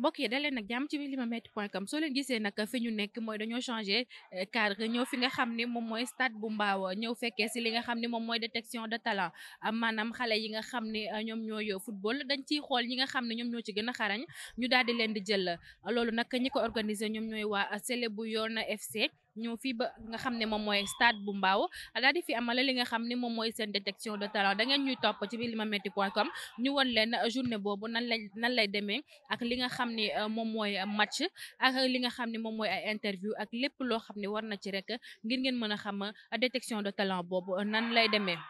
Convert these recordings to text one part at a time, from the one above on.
mbokk yi leen nag jàmm ci limametti point com soo leen gisee nag fi ñu nekk mooy dañoo changé eh, cadre ñoo fi nga xam ni moom mooy stade bu mbaawo ñëw fekkee si li nga xam ni moom mooy détection de talent maanaam xale yi nga xam ni eh, ñoom ñooy football dañ ciy xool ñi nga xam ne ñoom ñoo ci gën a xarañ ñu daal di leen di jël loolu nag ñi ko organisé ñoom ñooy waa Sélé bu yoon FC ñëw fii ba nga xam ne moom stade bu mbaaw daal di fi amale li nga xam ne moom mooy seen détection de talent da ngeen ñuy topp ci biir lima metti point com ñu wan leen euh, journée boobu nan lay nan lay demee ak li nga xam ni moom match ak li nga xam ni moom ay euh, interview ak lépp loo xam ne war na ci rek ngir ngeen mën a xam euh, détection de talent boobu nan lay demee.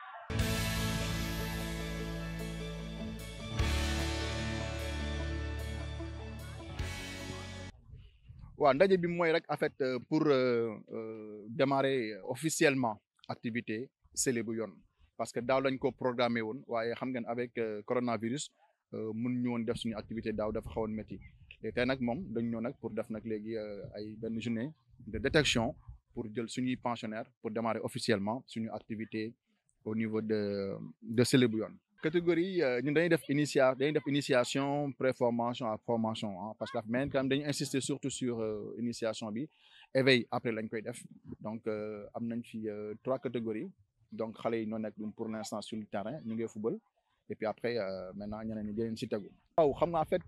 waaw ndaje bi mooy rek en fait euh, pour euh, euh, démarrer officiellement activité Sélé parce que dans lañ ko programmé woon waaye xam avec coronavirus mun ñu woon def suñu activité dans dafa xawoon métti te tey nag dañ pour def nag léegi ay journée de détection pour jël suñuy pensionnaires pour démarrer officiellement suñu activité au niveau de de Sélé catégorie euh, ñun dañuy def initia dañuy def initiation préformation à formation hein, parce que dafa mel quand même dañuy insister surtout sur euh, initiation bi éveil après lañ koy def donc euh, am nañ fi trois catégories donc xalé yi ñoo nekk pour l'instant sur le terrain ñu ngi football et puis après maintenant ñeneen ñi dinañ si tegu. waaw xam nga en fait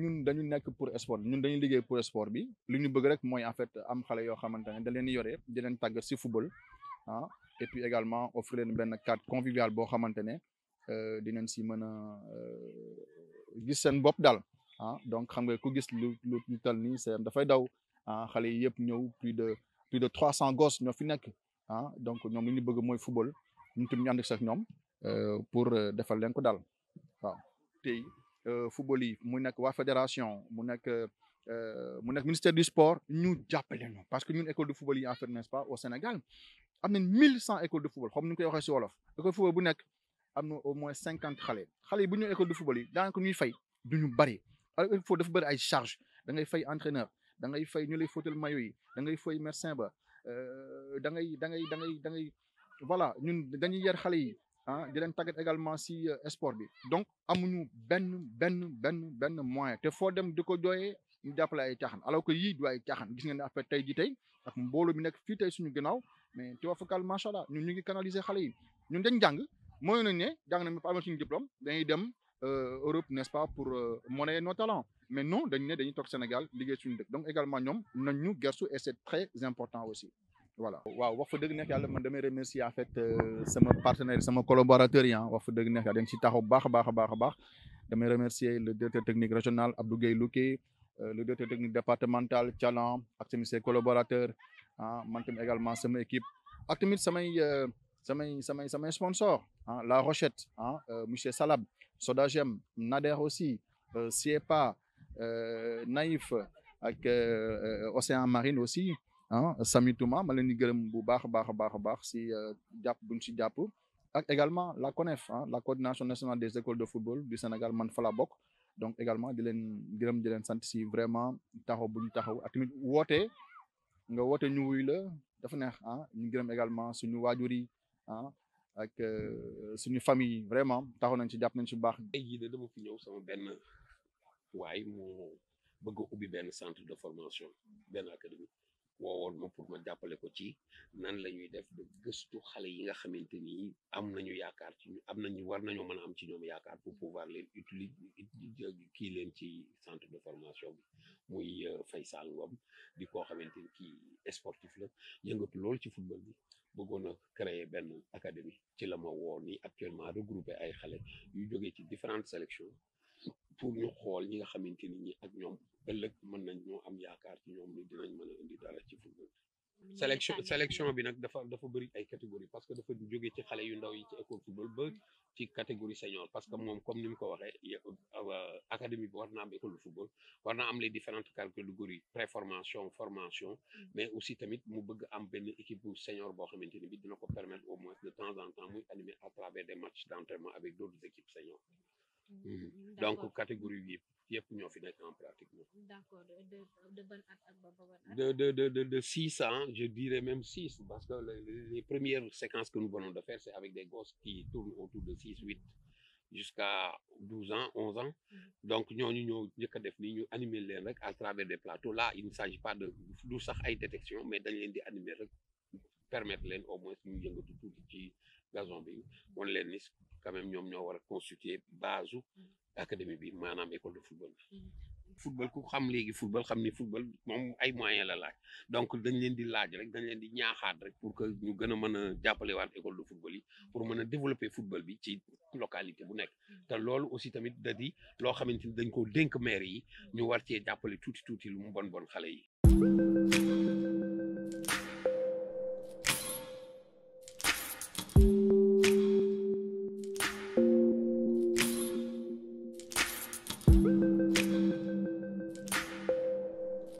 ñun dañu nekk pour sport ñun dañuy liggéey pour sport bi li ñu bëgg rek mooy en fait am xalé yoo xamante ne da leen di yore di leen tàggat ci football hein et puis également offrir leen benn carte convivial boo xamante euh, dinañ si mën a euh, gis seen bopp dal ah donc xam nga ku gis lu lu lu tal nii seen dafay daw ah xale yi yëpp ñëw plus de plus de 300 gosses ñoo fi nekk ah donc ñoom li ñu bëgg mooy football ñu tam ñu ànd ak ñoom euh, pour defal leen ko dal waaw tey football yi mu nekk waa fédération mu nekk mu nekk ministère du sport ñu jàppale ñu parce que ñun école de football yi en fait n'est-ce pas au Sénégal am nañ 1100 écoles de football xam ni ñu koy waxee si wolof école football bu nekk amno au moins 50 xale xale buñu école de football yi daanaka ñuy fay duñu bari alors il faut dafa bari ay charge da ngay fay entraîneur da ngay fay ñu lay fóotal maillot yi da ngay fay médecin ba euh da ngay da ngay da ngay da ngay voilà ñun dañuy yar xale yi ah di len tàggat également si euh, sport bi donc amuñu benn benn benn benn moyen te fo dem diko ko ñu jàppale ay caaxaan alors que yii du ay caaxaan gis nga ne après tay ji tay ak mbolo bi nekk fi tay suñu ginnaaw mais tu vois focal macha allah ñun ñu ngi canaliser xale yi ñun dañ jang mooy nañ ne jàng nañ ba amal suñu diplôme dañuy dem euh, Europe n'est-ce pas pour euh, monnayer nos talents mais non dañ né dañuy tok Sénégal liggéey suñu dëkk donc également ñom nañ ñu gëstu et c'est très important aussi voilà. waaw wax fa dëgg neex yalla man damay remercier en fait euh, sama partenaire sama collaborateur yi ah, wax fa dëgg neex yàlla dañ ci taxaw baax a baax a baax baax damay remercier le directeur technique régional Abdou Gueye Louké le directeur technique départemental Thialan ak tamit ses collaborateurs hein. man également, également sama équipe ak tamit samay samay samay samay sponsor hein. La Rochette hein, euh, Michel Salab Sodagem Nader aussi euh, Siepa euh, Naïf avec Océan Marine aussi hein, Samy Touma Barbar, leen bu bar si jàpp buñ si également la CONEF hein, la coordination nationale des écoles de football du Sénégal man donc également di leen Dylan di vraiment taho bouli taho, Akimit Wote, Wote, new nga woote ñu également Sunu waajur ak suñu famille vraiment taxaw nañ ci japp centre de formation académie woowoon ma pour ma jàppale ko ci nan la ñuy def ba gëstu xale yi nga xamante ni am nañu yaakaar ci am nañu war nañoo mën a am ci ñoom yaakaar pour pouvoir leen utiliser kii leen ci centre de formation bi muy euh, Faysal Ngom di koo xamante ni kii sportif la yëngatu lool ci football bi bëggoon a créer benn académie ci la ma woo ni actuellement regroupé ay xale yu jógee ci différentes sélections pour ñu xol ñi nga xamante ñi ak ñom ëllëg mën nañ ñoo am yaakaar ci ñom ni dinañ mëna indi dara ci football mm, sélection sélection bi nak dafa dafa bari ay catégorie parce que dafa joggé ci xalé yu ndaw yi ci école football ba mm. ci catégorie senior parce que mom comme nim ko waxé euh, euh, académie bi war am école football warna am les différentes catégories préformation formation formation mm. mais aussi tamit mu bëgg am benn équipe bu senior bo xamanteni bi dina ko permettre au moins de temps en temps muy animer à travers des matchs d'entraînement avec d'autres équipes senior Mmh, mmh. Mmh, donc catégorie 8, yépp ñoo fi en pratique d'accord de de de de de 600 je dirais même 6 parce que les, premières séquences que nous venons de faire c'est avec des gosses qui tournent autour de 6 8 jusqu'à 12 ans 11 ans donc nous, ñoo ñëk def ni ñu animer les rek à travers des plateaux là il ne s'agit pas de faire sax ay détection mais dañ leen di animer pour permettre au moins ñu yëngatu tout gazon bi won mm-hmm. leen ni quand même ñoom ñoo war a constituer base mm-hmm. académie bi maanaam école de football bi. Mm-hmm. football ku xam léegi football xam ni football moom ay moyens la laaj donc dañ leen di laaj rek dañ leen di ñaaxaat rek pour que ñu gën a a jàppale waat école de football yi pour mën a football bi ci localité bu nekk te loolu aussi tamit da di loo xamante dañ ko dénk maire yi ñu war cee jàppale tuuti tuuti lu mu bon bon xale yi